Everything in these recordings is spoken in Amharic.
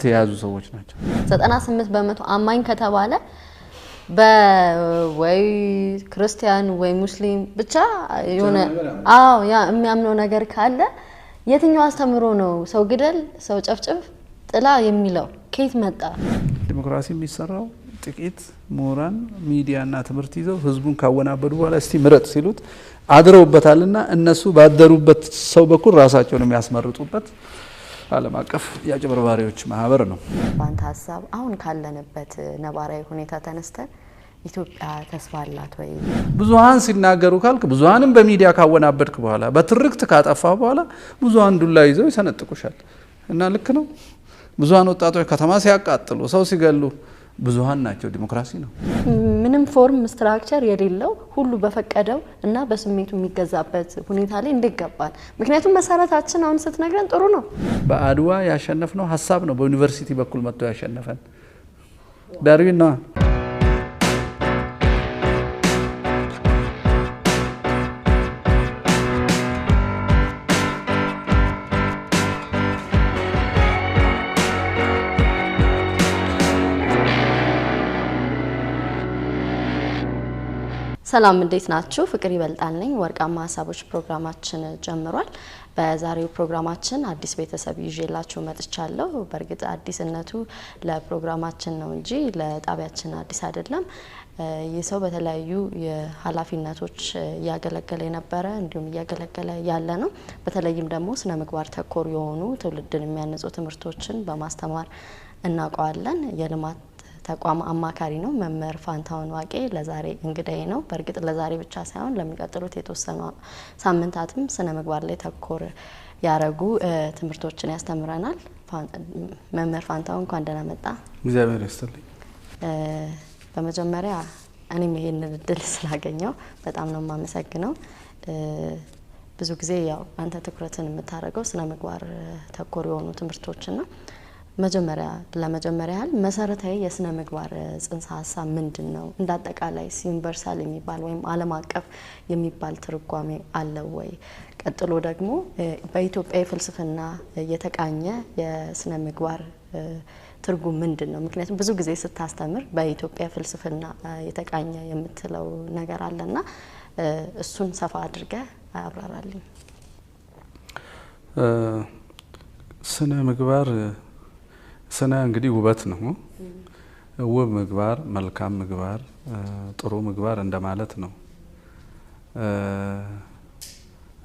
በምልክት የያዙ ሰዎች ናቸው። 98 በመቶ አማኝ ከተባለ በወይ ክርስቲያን ወይ ሙስሊም ብቻ የሆነ አዎ ያ የሚያምነው ነገር ካለ የትኛው አስተምሮ ነው ሰው ግደል፣ ሰው ጨፍጭፍ፣ ጥላ የሚለው ከየት መጣ? ዲሞክራሲ የሚሰራው ጥቂት ምሁራን ሚዲያና ትምህርት ይዘው ህዝቡን ካወናበዱ በኋላ እስቲ ምረጥ ሲሉት አድረውበታልና እነሱ ባደሩበት ሰው በኩል ራሳቸውን የሚያስመርጡበት ዓለም አቀፍ የአጭበርባሪዎች ማህበር ነው። በአንተ ሀሳብ አሁን ካለንበት ነባራዊ ሁኔታ ተነስተን ኢትዮጵያ ተስፋ አላት ወይ? ብዙሀን ሲናገሩ ካልክ ብዙሀንም በሚዲያ ካወናበድክ በኋላ በትርክት ካጠፋ በኋላ ብዙሀን ዱላ ይዘው ይሰነጥቁሻል እና ልክ ነው። ብዙሀን ወጣቶች ከተማ ሲያቃጥሉ፣ ሰው ሲገሉ ብዙሀን ናቸው። ዲሞክራሲ ነው። ምንም ፎርም ስትራክቸር የሌለው ሁሉ በፈቀደው እና በስሜቱ የሚገዛበት ሁኔታ ላይ እንዲገባል። ምክንያቱም መሰረታችን አሁን ስትነግረን ጥሩ ነው። በአድዋ ያሸነፍነው ሀሳብ ነው። በዩኒቨርሲቲ በኩል መጥቶ ያሸነፈን ዳርዊን ነዋ። ሰላም እንዴት ናችሁ? ፍቅር ይበልጣል ነኝ። ወርቃማ ሀሳቦች ፕሮግራማችን ጀምሯል። በዛሬው ፕሮግራማችን አዲስ ቤተሰብ ይዤላችሁ መጥቻለሁ። በእርግጥ አዲስነቱ ለፕሮግራማችን ነው እንጂ ለጣቢያችን አዲስ አይደለም። ይህ ሰው በተለያዩ ኃላፊነቶች እያገለገለ የነበረ እንዲሁም እያገለገለ ያለ ነው። በተለይም ደግሞ ስነ ምግባር ተኮር የሆኑ ትውልድን የሚያንጹ ትምህርቶችን በማስተማር እናውቀዋለን። የልማት ተቋም አማካሪ ነው መምህር ፋንታውን ዋቄ ለዛሬ እንግዳዬ ነው። በእርግጥ ለዛሬ ብቻ ሳይሆን ለሚቀጥሉት የተወሰኑ ሳምንታትም ስነ ምግባር ላይ ተኮር ያረጉ ትምህርቶችን ያስተምረናል። መምህር ፋንታውን እንኳን ደህና መጣ። እግዚአብሔር ይስጥልኝ። በመጀመሪያ እኔም ይሄንን እድል ስላገኘው በጣም ነው የማመሰግነው። ብዙ ጊዜ ያው አንተ ትኩረትን የምታደርገው ስነ ምግባር ተኮር የሆኑ ትምህርቶችን ነው። መጀመሪያ ለመጀመሪያ ያህል መሰረታዊ የስነ ምግባር ጽንሰ ሀሳብ ምንድን ነው? እንደ አጠቃላይ ዩኒቨርሳል የሚባል ወይም ዓለም አቀፍ የሚባል ትርጓሜ አለው ወይ? ቀጥሎ ደግሞ በኢትዮጵያ የፍልስፍና የተቃኘ የስነ ምግባር ትርጉም ምንድን ነው? ምክንያቱም ብዙ ጊዜ ስታስተምር በኢትዮጵያ ፍልስፍና የተቃኘ የምትለው ነገር አለና እሱን ሰፋ አድርገህ አብራራልኝ። ስነ ምግባር ስነ እንግዲህ ውበት ነው። ውብ ምግባር፣ መልካም ምግባር፣ ጥሩ ምግባር እንደማለት ነው።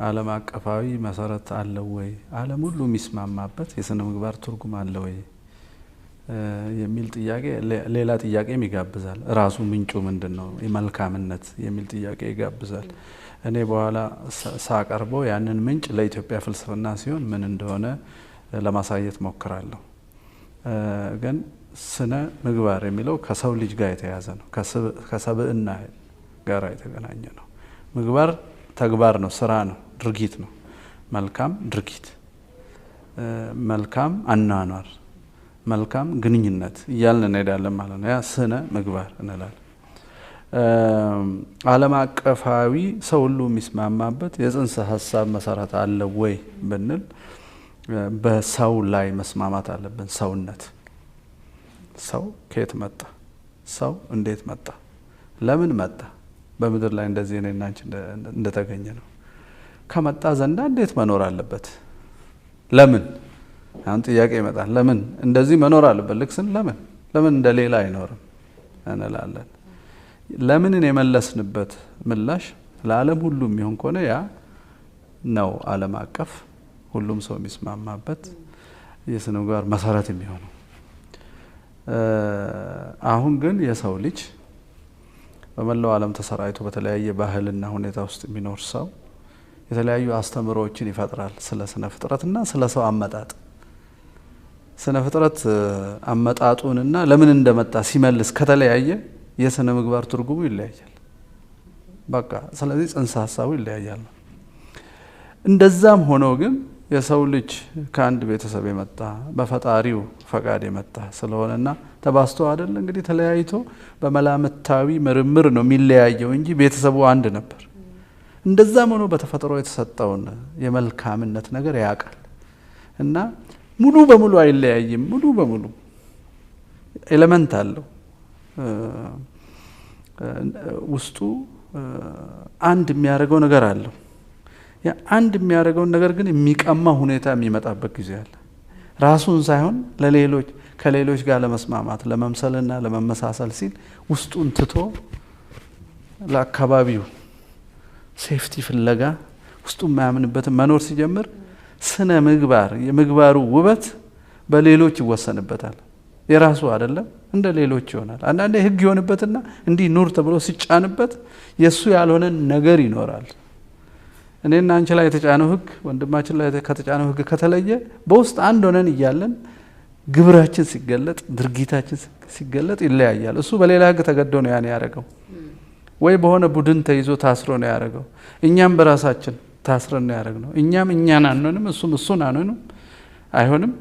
ዓለም አቀፋዊ መሰረት አለው ወይ? ዓለም ሁሉ የሚስማማበት የስነ ምግባር ትርጉም አለ ወይ የሚል ጥያቄ ሌላ ጥያቄም ይጋብዛል። ራሱ ምንጩ ምንድን ነው የመልካምነት የሚል ጥያቄ ይጋብዛል። እኔ በኋላ ሳቀርበው ያንን ምንጭ ለኢትዮጵያ ፍልስፍና ሲሆን ምን እንደሆነ ለማሳየት ሞክራለሁ። ግን ስነ ምግባር የሚለው ከሰው ልጅ ጋር የተያዘ ነው። ከሰብእና ጋር የተገናኘ ነው። ምግባር ተግባር ነው፣ ስራ ነው፣ ድርጊት ነው። መልካም ድርጊት፣ መልካም አኗኗር፣ መልካም ግንኙነት እያልን እንሄዳለን ማለት ነው። ያ ስነ ምግባር እንላለን። ዓለም አቀፋዊ ሰው ሁሉ የሚስማማበት የጽንሰ ሀሳብ መሰረት አለው ወይ ብንል በሰው ላይ መስማማት አለብን። ሰውነት ሰው ከየት መጣ? ሰው እንዴት መጣ? ለምን መጣ? በምድር ላይ እንደዚህ እኔና አንቺ እንደተገኘ ነው። ከመጣ ዘንዳ እንዴት መኖር አለበት? ለምን አሁን ጥያቄ ይመጣል። ለምን እንደዚህ መኖር አለበት? ልክስን ለምን ለምን እንደሌላ አይኖርም እንላለን። ለምንን የመለስንበት ምላሽ ለዓለም ሁሉ የሚሆን ከሆነ ያ ነው ዓለም አቀፍ ሁሉም ሰው የሚስማማበት የስነ ምግባር መሰረት የሚሆነው። አሁን ግን የሰው ልጅ በመላው ዓለም ተሰራይቶ በተለያየ ባህልና ሁኔታ ውስጥ የሚኖር ሰው የተለያዩ አስተምሮዎችን ይፈጥራል ስለ ስነ ፍጥረትና ስለ ሰው አመጣጥ ስነ ፍጥረት አመጣጡንና ለምን እንደመጣ ሲመልስ ከተለያየ የስነ ምግባር ትርጉሙ ይለያያል። በቃ ስለዚህ ጽንሰ ሀሳቡ ይለያያል እንደዛም ሆኖ ግን የሰው ልጅ ከአንድ ቤተሰብ የመጣ በፈጣሪው ፈቃድ የመጣ ስለሆነና ተባስቶ አደለ እንግዲህ ተለያይቶ በመላምታዊ ምርምር ነው የሚለያየው እንጂ ቤተሰቡ አንድ ነበር። እንደዛም ሆኖ በተፈጥሮ የተሰጠውን የመልካምነት ነገር ያውቃል እና ሙሉ በሙሉ አይለያይም። ሙሉ በሙሉ ኤሌመንት አለው ውስጡ አንድ የሚያደርገው ነገር አለው። አንድ የሚያደርገውን ነገር ግን የሚቀማ ሁኔታ የሚመጣበት ጊዜ አለ። ራሱን ሳይሆን ለሌሎች ከሌሎች ጋር ለመስማማት ለመምሰልና ለመመሳሰል ሲል ውስጡን ትቶ ለአካባቢው ሴፍቲ ፍለጋ ውስጡ የማያምንበትን መኖር ሲጀምር ስነ ምግባር የምግባሩ ውበት በሌሎች ይወሰንበታል። የራሱ አይደለም፣ እንደ ሌሎች ይሆናል። አንዳንዴ ህግ ይሆንበትና እንዲህ ኑር ተብሎ ሲጫንበት የእሱ ያልሆነን ነገር ይኖራል። እኔና አንቺ ላይ የተጫነው ህግ ወንድማችን ላይ ከተጫነው ህግ ከተለየ በውስጥ አንድ ሆነን እያለን ግብራችን ሲገለጥ ድርጊታችን ሲገለጥ ይለያያል። እሱ በሌላ ህግ ተገዶ ነው ያን ያደረገው፣ ወይ በሆነ ቡድን ተይዞ ታስሮ ነው ያደረገው። እኛም በራሳችን ታስረን ነው ነው። እኛም እኛን አንሆንም፣ እሱም እሱን አንሆንም፣ አይሆንም።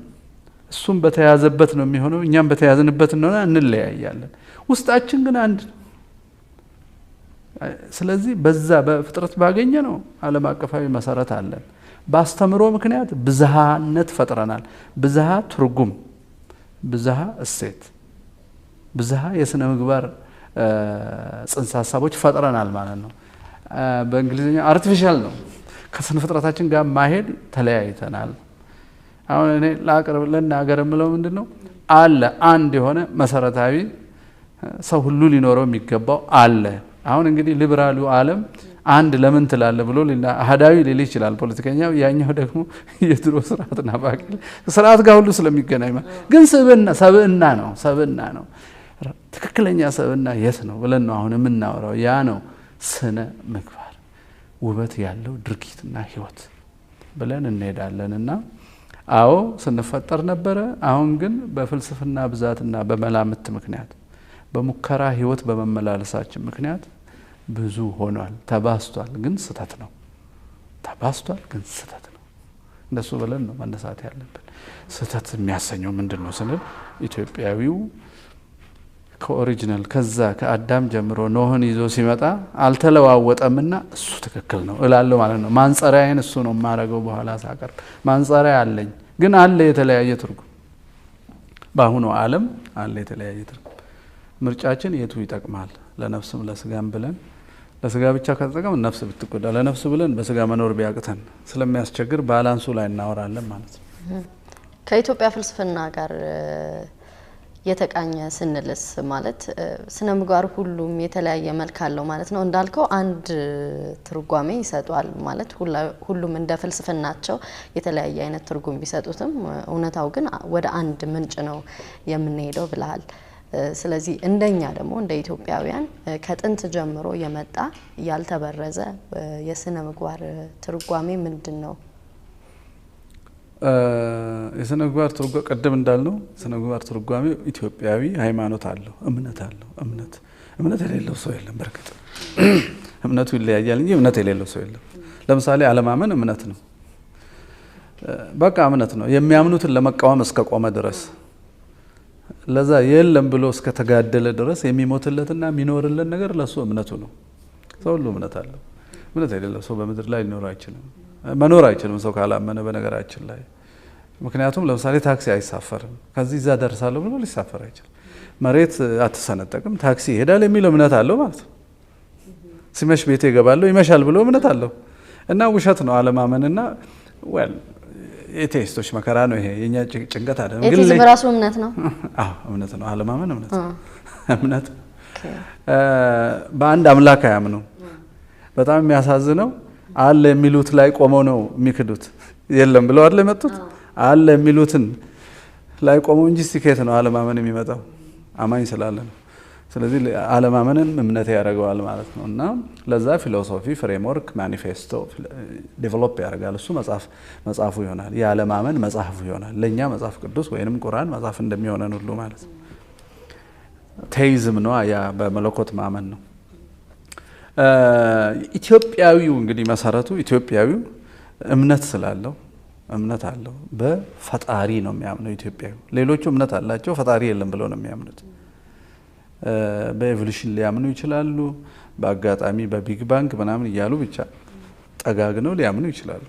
እሱም በተያዘበት ነው የሚሆነው፣ እኛም በተያዝንበት እንደሆነ እንለያያለን። ውስጣችን ግን አንድ ነው። ስለዚህ በዛ በፍጥረት ባገኘ ነው ዓለም አቀፋዊ መሰረት አለን። በአስተምሮ ምክንያት ብዝሃነት ፈጥረናል። ብዝሃ ትርጉም፣ ብዝሃ እሴት፣ ብዝሃ የስነ ምግባር ጽንሰ ሀሳቦች ፈጥረናል ማለት ነው። በእንግሊዝኛ አርቲፊሻል ነው። ከስነ ፍጥረታችን ጋር ማሄድ ተለያይተናል። አሁን እኔ ለአቅርብ ለናገር የምለው ምንድን ነው አለ አንድ የሆነ መሰረታዊ ሰው ሁሉ ሊኖረው የሚገባው አለ አሁን እንግዲህ ሊበራሉ አለም አንድ ለምን ትላለ ብሎ አህዳዊ ሊል ይችላል ፖለቲከኛው። ያኛው ደግሞ የድሮ ስርዓት ናፋቂ ስርዓት ጋር ሁሉ ስለሚገናኝ ግን ሰብእና ነው ሰብእና ነው ትክክለኛ ሰብእና የት ነው ብለን ነው አሁን የምናወራው። ያ ነው ስነ ምግባር ውበት ያለው ድርጊትና ህይወት ብለን እንሄዳለን እና አዎ ስንፈጠር ነበረ። አሁን ግን በፍልስፍና ብዛትና በመላምት ምክንያት በሙከራ ህይወት በመመላለሳችን ምክንያት ብዙ ሆኗል። ተባስቷል ግን ስህተት ነው። ተባስቷል ግን ስህተት ነው። እንደሱ ብለን ነው መነሳት ያለብን። ስህተት የሚያሰኘው ምንድን ነው ስንል ኢትዮጵያዊው ከኦሪጂናል ከዛ ከአዳም ጀምሮ ኖህን ይዞ ሲመጣ አልተለዋወጠምና እሱ ትክክል ነው እላለሁ ማለት ነው። ማንጸሪያዬን እሱ ነው የማረገው። በኋላ ሳቀርብ ማንጸሪያ አለኝ፣ ግን አለ የተለያየ ትርጉም። በአሁኑ ዓለም አለ የተለያየ ትርጉም። ምርጫችን የቱ ይጠቅማል ለነፍስም ለስጋም ብለን ለስጋ ብቻ ከተጠቀም ነፍስ ብትጎዳ፣ ለነፍስ ብለን በስጋ መኖር ቢያቅተን ስለሚያስቸግር ባላንሱ ላይ እናወራለን ማለት ነው። ከኢትዮጵያ ፍልስፍና ጋር የተቃኘ ስንልስ ማለት ስነ ምግባር ሁሉም የተለያየ መልክ አለው ማለት ነው። እንዳልከው አንድ ትርጓሜ ይሰጧል ማለት ሁሉም እንደ ፍልስፍናቸው የተለያየ አይነት ትርጉም ቢሰጡትም እውነታው ግን ወደ አንድ ምንጭ ነው የምንሄደው ብለሃል። ስለዚህ እንደኛ ደግሞ እንደ ኢትዮጵያውያን ከጥንት ጀምሮ የመጣ ያልተበረዘ የስነ ምግባር ትርጓሜ ምንድን ነው? የስነ ምግባር ትርጓሜ ቀደም እንዳልነው ስነ ምግባር ትርጓሜ ኢትዮጵያዊ ሃይማኖት አለው፣ እምነት አለው። እምነት እምነት የሌለው ሰው የለም። በርግጥ እምነቱ ይለያያል እንጂ እምነት የሌለው ሰው የለም። ለምሳሌ አለማመን እምነት ነው። በቃ እምነት ነው። የሚያምኑትን ለመቃወም እስከ ቆመ ድረስ ለዛ የለም ብሎ እስከተጋደለ ድረስ የሚሞትለትና የሚኖርለት ነገር ለሱ እምነቱ ነው። ሰው ሁሉ እምነት አለው። እምነት የሌለው ሰው በምድር ላይ ሊኖር አይችልም፣ መኖር አይችልም ሰው ካላመነ በነገራችን ላይ ምክንያቱም ለምሳሌ ታክሲ አይሳፈርም። ከዚህ እዛ ደርሳለሁ ብሎ ሊሳፈር አይችልም። መሬት አትሰነጠቅም፣ ታክሲ ይሄዳል የሚል እምነት አለው ማለት ነው። ሲመሽ ቤቴ እገባለሁ ይመሻል ብሎ እምነት አለው እና ውሸት ነው አለማመንና የቴስቶች መከራ ነው ይሄ። የኛ ጭንቀት አይደለም። ግን በራሱ እምነት ነው። አዎ እምነት ነው። አለማመን እምነት እምነት በአንድ አምላክ አያምኑ። በጣም የሚያሳዝነው አለ የሚሉት ላይ ቆመው ነው የሚክዱት። የለም ብለው አይደል የመጡት አለ የሚሉትን ላይ ቆመው እንጂ ስኬት ነው አለማመን የሚመጣው አማኝ ስላለ ነው። ስለዚህ አለማመንን እምነት ያደርገዋል ማለት ነው እና ለዛ ፊሎሶፊ ፍሬምወርክ ማኒፌስቶ ዴቨሎፕ ያደርጋል። እሱ መጽሐፉ ይሆናል፣ የአለማመን መጽሐፉ ይሆናል። ለእኛ መጽሐፍ ቅዱስ ወይንም ቁርአን መጽሐፍ እንደሚሆነን ሁሉ ማለት ነው። ቴይዝም ነው፣ ያ በመለኮት ማመን ነው። ኢትዮጵያዊው እንግዲህ መሰረቱ ኢትዮጵያዊው እምነት ስላለው እምነት አለው። በፈጣሪ ነው የሚያምነው ኢትዮጵያዊ። ሌሎቹ እምነት አላቸው፣ ፈጣሪ የለም ብለው ነው የሚያምኑት። በኤቮሉሽን ሊያምኑ ይችላሉ። በአጋጣሚ በቢግ ባንክ ምናምን እያሉ ብቻ ጠጋግነው ሊያምኑ ይችላሉ።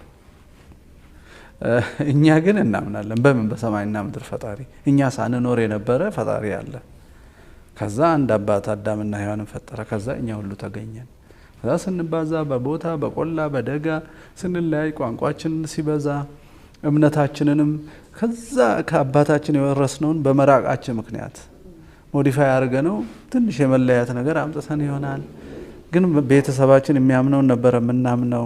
እኛ ግን እናምናለን። በምን በሰማይና ምድር ፈጣሪ እኛ ሳንኖር የነበረ ፈጣሪ አለ። ከዛ አንድ አባት አዳምና ሔዋንን ፈጠረ። ከዛ እኛ ሁሉ ተገኘን። ከዛ ስንባዛ በቦታ በቆላ በደጋ ስንለያይ፣ ቋንቋችንን ሲበዛ እምነታችንንም ከዛ ከአባታችን የወረስነውን በመራቃችን ምክንያት ሞዲፋይ አድርገ ነው ትንሽ የመለያት ነገር አምጥተን ይሆናል። ግን ቤተሰባችን የሚያምነውን ነበረ የምናምነው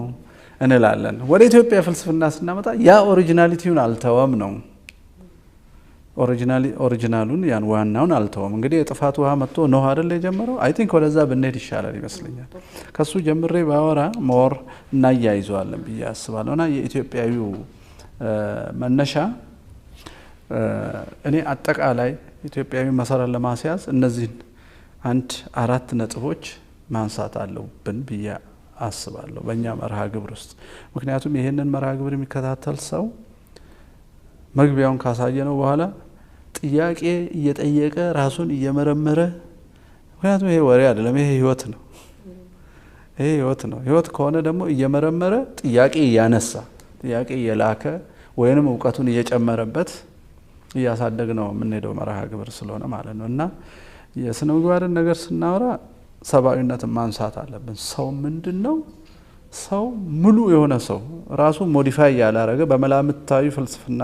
እንላለን። ወደ ኢትዮጵያ ፍልስፍና ስናመጣ ያ ኦሪጂናሊቲውን አልተወም ነው ኦሪጂናሉን ያን ዋናውን አልተውም። እንግዲህ የጥፋት ውሃ መጥቶ ኖ አይደል የጀመረው። አይ ቲንክ ወደዛ ብንሄድ ይሻላል ይመስለኛል። ከሱ ጀምሬ ባወራ ሞር እናያይዘዋለን ብዬ አስባለሁ እና የኢትዮጵያዊው መነሻ እኔ አጠቃላይ ኢትዮጵያዊ መሰረት ለማስያዝ እነዚህን አንድ አራት ነጥቦች ማንሳት አለብን ብዬ አስባለሁ በእኛ መርሃ ግብር ውስጥ። ምክንያቱም ይህንን መርሃ ግብር የሚከታተል ሰው መግቢያውን ካሳየ ነው በኋላ ጥያቄ እየጠየቀ ራሱን እየመረመረ ምክንያቱም ይሄ ወሬ አይደለም፣ ይሄ ህይወት ነው። ይሄ ህይወት ነው። ህይወት ከሆነ ደግሞ እየመረመረ ጥያቄ እያነሳ ጥያቄ እየላከ ወይንም እውቀቱን እየጨመረበት እያሳደግ ነው የምንሄደው መርሃ ግብር ስለሆነ ማለት ነው እና የስነ ምግባርን ነገር ስናወራ ሰብአዊነትን ማንሳት አለብን። ሰው ምንድን ነው? ሰው ሙሉ የሆነ ሰው ራሱ ሞዲፋይ ያላረገ በመላምታዊ ፍልስፍና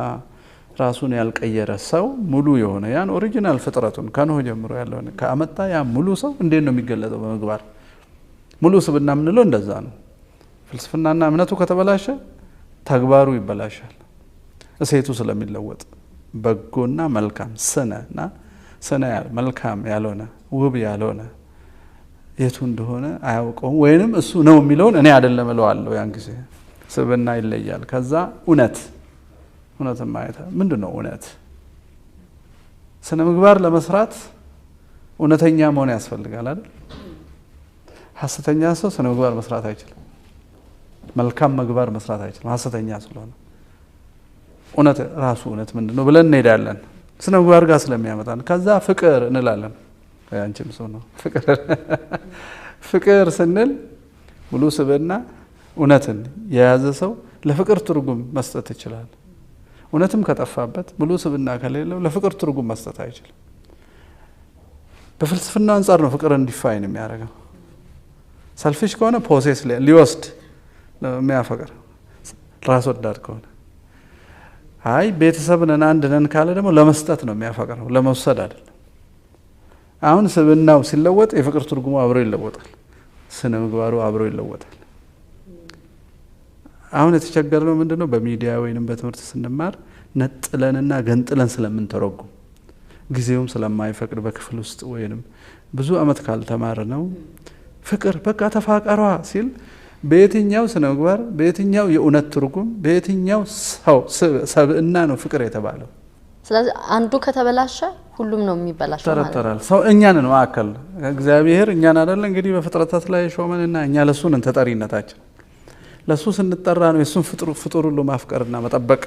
ራሱን ያልቀየረ ሰው ሙሉ የሆነ ያን ኦሪጂናል ፍጥረቱን ከኖህ ጀምሮ ያለውን ከአመጣ ያ ሙሉ ሰው እንዴት ነው የሚገለጠው? በምግባር ሙሉ ስብና የምንለው እንደዛ ነው። ፍልስፍናና እምነቱ ከተበላሸ ተግባሩ ይበላሻል፣ እሴቱ ስለሚለወጥ በጎና መልካም ስነ ና ስነ መልካም ያልሆነ ውብ ያልሆነ የቱ እንደሆነ አያውቀውም፣ ወይንም እሱ ነው የሚለውን እኔ አይደለም እለዋለሁ። ያን ጊዜ ስብና ይለያል። ከዛ እውነት እውነትን ማየት ምንድን ነው እውነት? ስነ ምግባር ለመስራት እውነተኛ መሆን ያስፈልጋል አይደል? ሀሰተኛ ሰው ስነ ምግባር መስራት አይችልም። መልካም ምግባር መስራት አይችልም ሀሰተኛ ስለሆነ እውነት ራሱ እውነት ምንድን ነው ብለን እንሄዳለን። ስነ ምግባር ጋር ስለሚያመጣን ከዛ ፍቅር እንላለን። አንቺም ሰው ነው ፍቅር ፍቅር ስንል ሙሉ ስብና እውነትን የያዘ ሰው ለፍቅር ትርጉም መስጠት ይችላል። እውነትም ከጠፋበት ሙሉ ስብና ከሌለው ለፍቅር ትርጉም መስጠት አይችልም። በፍልስፍና አንጻር ነው ፍቅር እንዲፋይን የሚያደርገው። ሰልፊሽ ከሆነ ፖሴስ ሊወስድ የሚያፈቅር ራስ ወዳድ ከሆነ አይ ቤተሰብ ነን አንድ ነን ካለ ደግሞ ለመስጠት ነው የሚያፈቅረው ለመውሰድ አይደለም። አሁን ስብናው ሲለወጥ የፍቅር ትርጉሙ አብሮ ይለወጣል፣ ስነ ምግባሩ አብሮ ይለወጣል። አሁን የተቸገርነው ምንድን ነው? በሚዲያ ወይንም በትምህርት ስንማር ነጥለንና ገንጥለን ስለምንተረጉም ጊዜውም ስለማይፈቅድ በክፍል ውስጥ ወይንም ብዙ አመት ካልተማር ነው ፍቅር በቃ ተፋቀሯ ሲል በየትኛው ስነ ምግባር፣ በየትኛው የእውነት ትርጉም፣ በየትኛው ሰው ሰብእና ነው ፍቅር የተባለው? ስለዚህ አንዱ ከተበላሸ ሁሉም ነው የሚበላሸው። ተረተራል ሰው እኛን ነው ማዕከል እግዚአብሔር እኛን አይደለ እንግዲህ በፍጥረታት ላይ ሾመንና እኛ ለሱ ነን ተጠሪነታችን። ለሱ ስንጠራ ነው የሱን ፍጡር ሁሉ ማፍቀርና መጠበቅ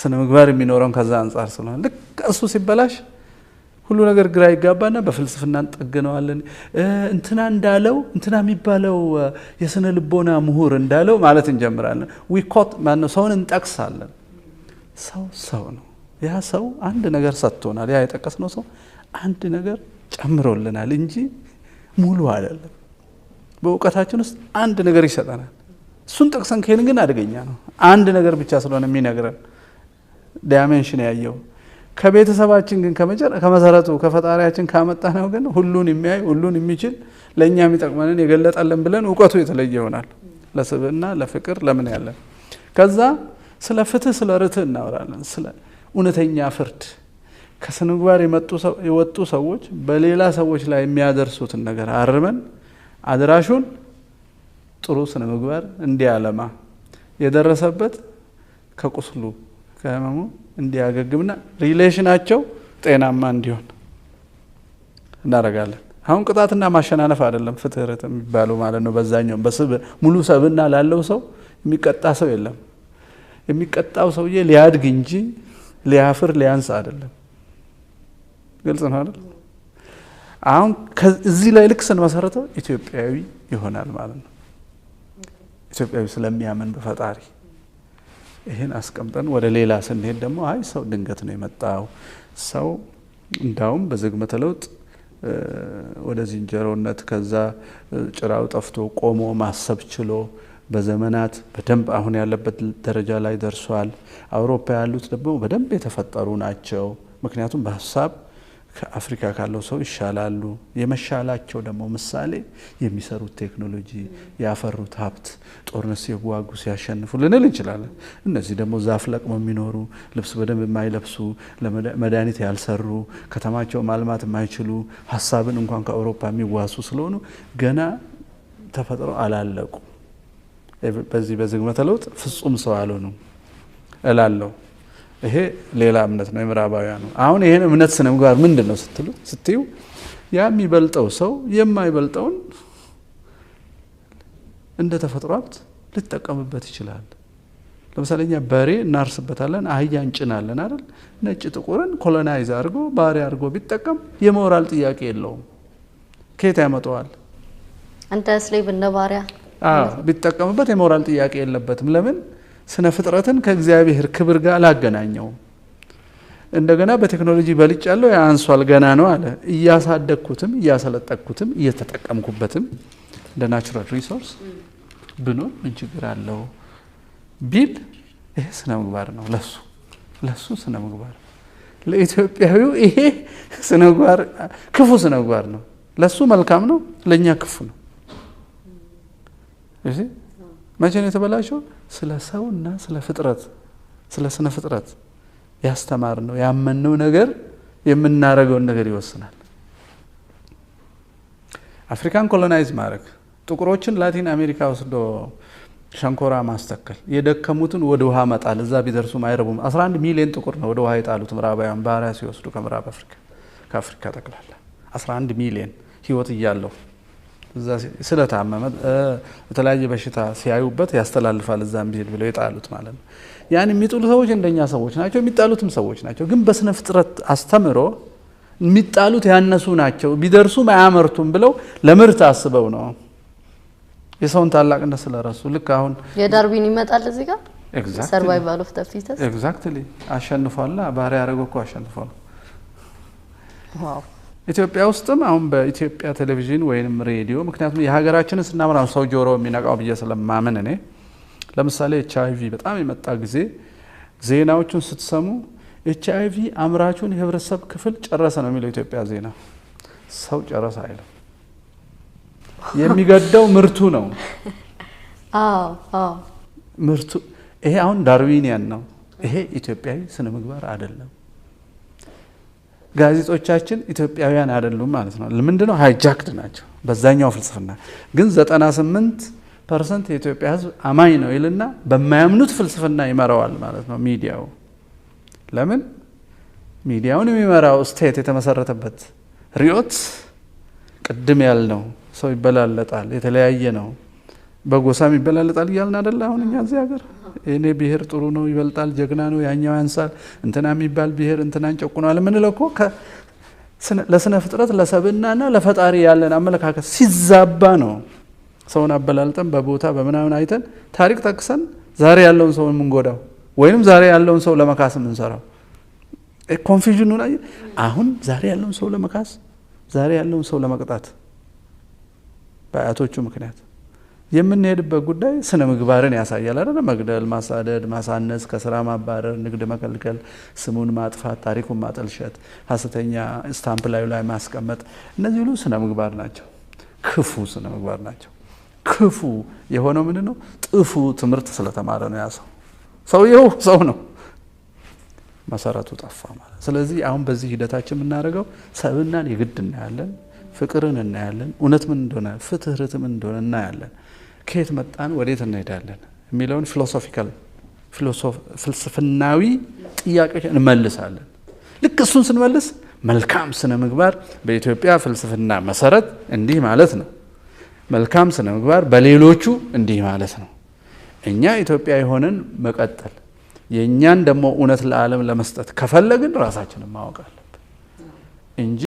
ስነ ምግባር የሚኖረውን ከዛ አንጻር ስለሆነ ልክ እሱ ሲበላሽ ሁሉ ነገር ግራ ይጋባና በፍልስፍና እንጠግነዋለን። እንትና እንዳለው እንትና የሚባለው የስነ ልቦና ምሁር እንዳለው ማለት እንጀምራለን። ዊኮት ማነው ሰውን እንጠቅሳለን። ሰው ሰው ነው። ያ ሰው አንድ ነገር ሰጥቶናል። ያ የጠቀስነው ሰው አንድ ነገር ጨምሮልናል እንጂ ሙሉ አይደለም። በእውቀታችን ውስጥ አንድ ነገር ይሰጠናል። እሱን ጠቅሰን ከሄድን ግን አደገኛ ነው። አንድ ነገር ብቻ ስለሆነ የሚነግረን ዳይሜንሽን ያየው ከቤተሰባችን ግን ከመሰረቱ ከፈጣሪያችን ካመጣ ነው ግን ሁሉን የሚያይ ሁሉን የሚችል ለእኛ የሚጠቅመንን የገለጠልን ብለን እውቀቱ የተለየ ይሆናል። ለስብና ለፍቅር ለምን ያለን ከዛ ስለ ፍትህ ስለ ርትህ እናወራለን። ስለ እውነተኛ ፍርድ ከስነ ምግባር የወጡ ሰዎች በሌላ ሰዎች ላይ የሚያደርሱትን ነገር አርመን አድራሹን ጥሩ ስነ ምግባር እንዲያለማ የደረሰበት ከቁስሉ ከህመሙ እንዲያገግምና ሪሌሽናቸው ጤናማ እንዲሆን እናደርጋለን። አሁን ቅጣትና ማሸናነፍ አይደለም ፍትህረት የሚባሉ የሚባለው ማለት ነው። በዛኛውም ሙሉ ሰብና ላለው ሰው የሚቀጣ ሰው የለም። የሚቀጣው ሰውዬ ሊያድግ እንጂ ሊያፍር ሊያንስ አይደለም። ግልጽ ነው አይደል? አሁን እዚህ ላይ ልክ ስንመሰረተው ኢትዮጵያዊ ይሆናል ማለት ነው። ኢትዮጵያዊ ስለሚያምን በፈጣሪ ይህን አስቀምጠን ወደ ሌላ ስንሄድ ደግሞ አይ ሰው ድንገት ነው የመጣው ሰው እንዳውም በዝግመተ ለውጥ ወደ ዝንጀሮነት ከዛ ጭራው ጠፍቶ ቆሞ ማሰብ ችሎ በዘመናት በደንብ አሁን ያለበት ደረጃ ላይ ደርሷል። አውሮፓ ያሉት ደግሞ በደንብ የተፈጠሩ ናቸው። ምክንያቱም በሀሳብ ከአፍሪካ ካለው ሰው ይሻላሉ። የመሻላቸው ደግሞ ምሳሌ የሚሰሩት ቴክኖሎጂ፣ ያፈሩት ሀብት፣ ጦርነት ሲዋጉ ሲያሸንፉ ልንል እንችላለን። እነዚህ ደግሞ ዛፍ ለቅሞ የሚኖሩ ልብስ በደንብ የማይለብሱ መድኃኒት ያልሰሩ ከተማቸው ማልማት የማይችሉ ሀሳብን እንኳን ከአውሮፓ የሚዋሱ ስለሆኑ ገና ተፈጥሮ አላለቁ። በዚህ በዝግመተ ለውጥ ፍጹም ሰው አልሆኑም እላለሁ። ይሄ ሌላ እምነት ነው፣ የምዕራባውያኑ። አሁን ይሄን እምነት ስነ ምግባር ምንድን ነው ስትሉ ስትዩ ያ የሚበልጠው ሰው የማይበልጠውን እንደ ተፈጥሮ ሀብት ሊጠቀምበት ይችላል። ለምሳሌ እኛ በሬ እናርስበታለን፣ አህያ እንጭናለን አይደል? ነጭ ጥቁርን ኮሎናይዝ አድርጎ ባሪያ አድርጎ ቢጠቀም የሞራል ጥያቄ የለውም። ከየት ያመጣዋል? እንደ ስሌብ እንደ ባሪያ ቢጠቀምበት የሞራል ጥያቄ የለበትም። ለምን ስነ ፍጥረትን ከእግዚአብሔር ክብር ጋር አላገናኘውም። እንደገና በቴክኖሎጂ በልጭ ያለው የአንሷል ገና ነው አለ። እያሳደግኩትም እያሰለጠኩትም እየተጠቀምኩበትም እንደ ናቹራል ሪሶርስ ብኖር ምን ችግር አለው ቢል ይሄ ስነ ምግባር ነው። ለሱ ለሱ ስነ ምግባር ለኢትዮጵያዊው ይሄ ስነ ምግባር ክፉ ስነ ምግባር ነው። ለሱ መልካም ነው፣ ለእኛ ክፉ ነው። መቼ ነው የተበላሸው? ስለ ሰውና ስለ ፍጥረት ስለ ስነ ፍጥረት ያስተማርነው ያመንነው ነገር የምናደርገውን ነገር ይወስናል። አፍሪካን ኮሎናይዝ ማድረግ፣ ጥቁሮችን ላቲን አሜሪካ ወስዶ ሸንኮራ ማስተከል፣ የደከሙትን ወደ ውሃ መጣል፣ እዛ ቢደርሱም አይረቡም። 11 ሚሊዮን ጥቁር ነው ወደ ውሃ የጣሉት ምዕራባውያን ባህሪያ ሲወስዱ ከምዕራብ አፍሪካ ከአፍሪካ ጠቅላላ 11 ሚሊዮን ህይወት እያለው ስለታመመ የተለያየ በሽታ ሲያዩበት ያስተላልፋል እዛም ቢሄድ ብለው የጣሉት ማለት ነው። ያን የሚጥሉ ሰዎች እንደኛ ሰዎች ናቸው፣ የሚጣሉትም ሰዎች ናቸው። ግን በስነ ፍጥረት አስተምሮ የሚጣሉት ያነሱ ናቸው፣ ቢደርሱም አያመርቱም ብለው ለምርት አስበው ነው። የሰውን ታላቅነት ስለረሱ ልክ አሁን የዳርዊን ይመጣል እዚህ ጋር ሰርቫይቫል ኦፍ ኤግዛክትሊ አሸንፏላ ባህሪ ያደረገው እኮ አሸንፏል። ኢትዮጵያ ውስጥም አሁን በኢትዮጵያ ቴሌቪዥን ወይም ሬዲዮ ምክንያቱም የሀገራችንን ስናምራ ሰው ጆሮ የሚነቃው ብዬ ስለማምን እኔ ለምሳሌ ኤች አይቪ በጣም የመጣ ጊዜ ዜናዎቹን ስትሰሙ ኤች አይቪ አምራቹን የህብረተሰብ ክፍል ጨረሰ ነው የሚለው ኢትዮጵያ ዜና። ሰው ጨረሰ አይልም። የሚገደው ምርቱ ነው። ምርቱ ይሄ አሁን ዳርዊኒያን ነው። ይሄ ኢትዮጵያዊ ስነ ምግባር አይደለም። ጋዜጦቻችን ኢትዮጵያውያን አይደሉም ማለት ነው። ምንድነው ሃይጃክድ ናቸው። በዛኛው ፍልስፍና ግን 98 ፐርሰንት የኢትዮጵያ ሕዝብ አማኝ ነው ይልና በማያምኑት ፍልስፍና ይመራዋል ማለት ነው። ሚዲያው ለምን ሚዲያውን የሚመራው ስቴት የተመሰረተበት ሪዮት ቅድም ያልነው ሰው ይበላለጣል፣ የተለያየ ነው። በጎሳም ይበላለጣል እያልን አደለ? አሁን እኛ እዚህ ሀገር እኔ ብሄር ጥሩ ነው ይበልጣል፣ ጀግና ነው፣ ያኛው ያንሳል፣ እንትና የሚባል ብሄር እንትናን ጨቁኗል የምንለው እኮ ለስነ ፍጥረት ለሰብእናና ለፈጣሪ ያለን አመለካከት ሲዛባ ነው። ሰውን አበላልጠን በቦታ በምናምን አይተን ታሪክ ጠቅሰን ዛሬ ያለውን ሰው የምንጎዳው ወይንም ዛሬ ያለውን ሰው ለመካስ የምንሰራው ኮንፊዥኑ ላይ አሁን ዛሬ ያለውን ሰው ለመካስ ዛሬ ያለውን ሰው ለመቅጣት በአያቶቹ ምክንያት የምንሄድበት ጉዳይ ስነ ምግባርን ያሳያል አይደል? መግደል፣ ማሳደድ፣ ማሳነስ፣ ከስራ ማባረር፣ ንግድ መከልከል፣ ስሙን ማጥፋት፣ ታሪኩን ማጠልሸት፣ ሀሰተኛ ስታምፕ ላዩ ላይ ማስቀመጥ፣ እነዚህ ሁሉ ስነ ምግባር ናቸው። ክፉ ስነ ምግባር ናቸው። ክፉ የሆነው ምንድን ነው? ጥፉ ትምህርት ስለተማረ ነው። ያ ሰው ሰውየው ሰው ነው፣ መሰረቱ ጠፋ ማለት። ስለዚህ አሁን በዚህ ሂደታችን የምናደርገው ሰብናን የግድ እናያለን፣ ፍቅርን እናያለን፣ እውነት ምን እንደሆነ ፍትህርት እንደሆነ እናያለን። ከየት መጣን፣ ወዴት እንሄዳለን የሚለውን ፊሎሶፊካል ፍልስፍናዊ ጥያቄዎች እንመልሳለን። ልክ እሱን ስንመልስ መልካም ስነ ምግባር በኢትዮጵያ ፍልስፍና መሰረት እንዲህ ማለት ነው፣ መልካም ስነ ምግባር በሌሎቹ እንዲህ ማለት ነው። እኛ ኢትዮጵያ የሆነን መቀጠል የእኛን ደግሞ እውነት ለዓለም ለመስጠት ከፈለግን ራሳችንን ማወቅ አለብን እንጂ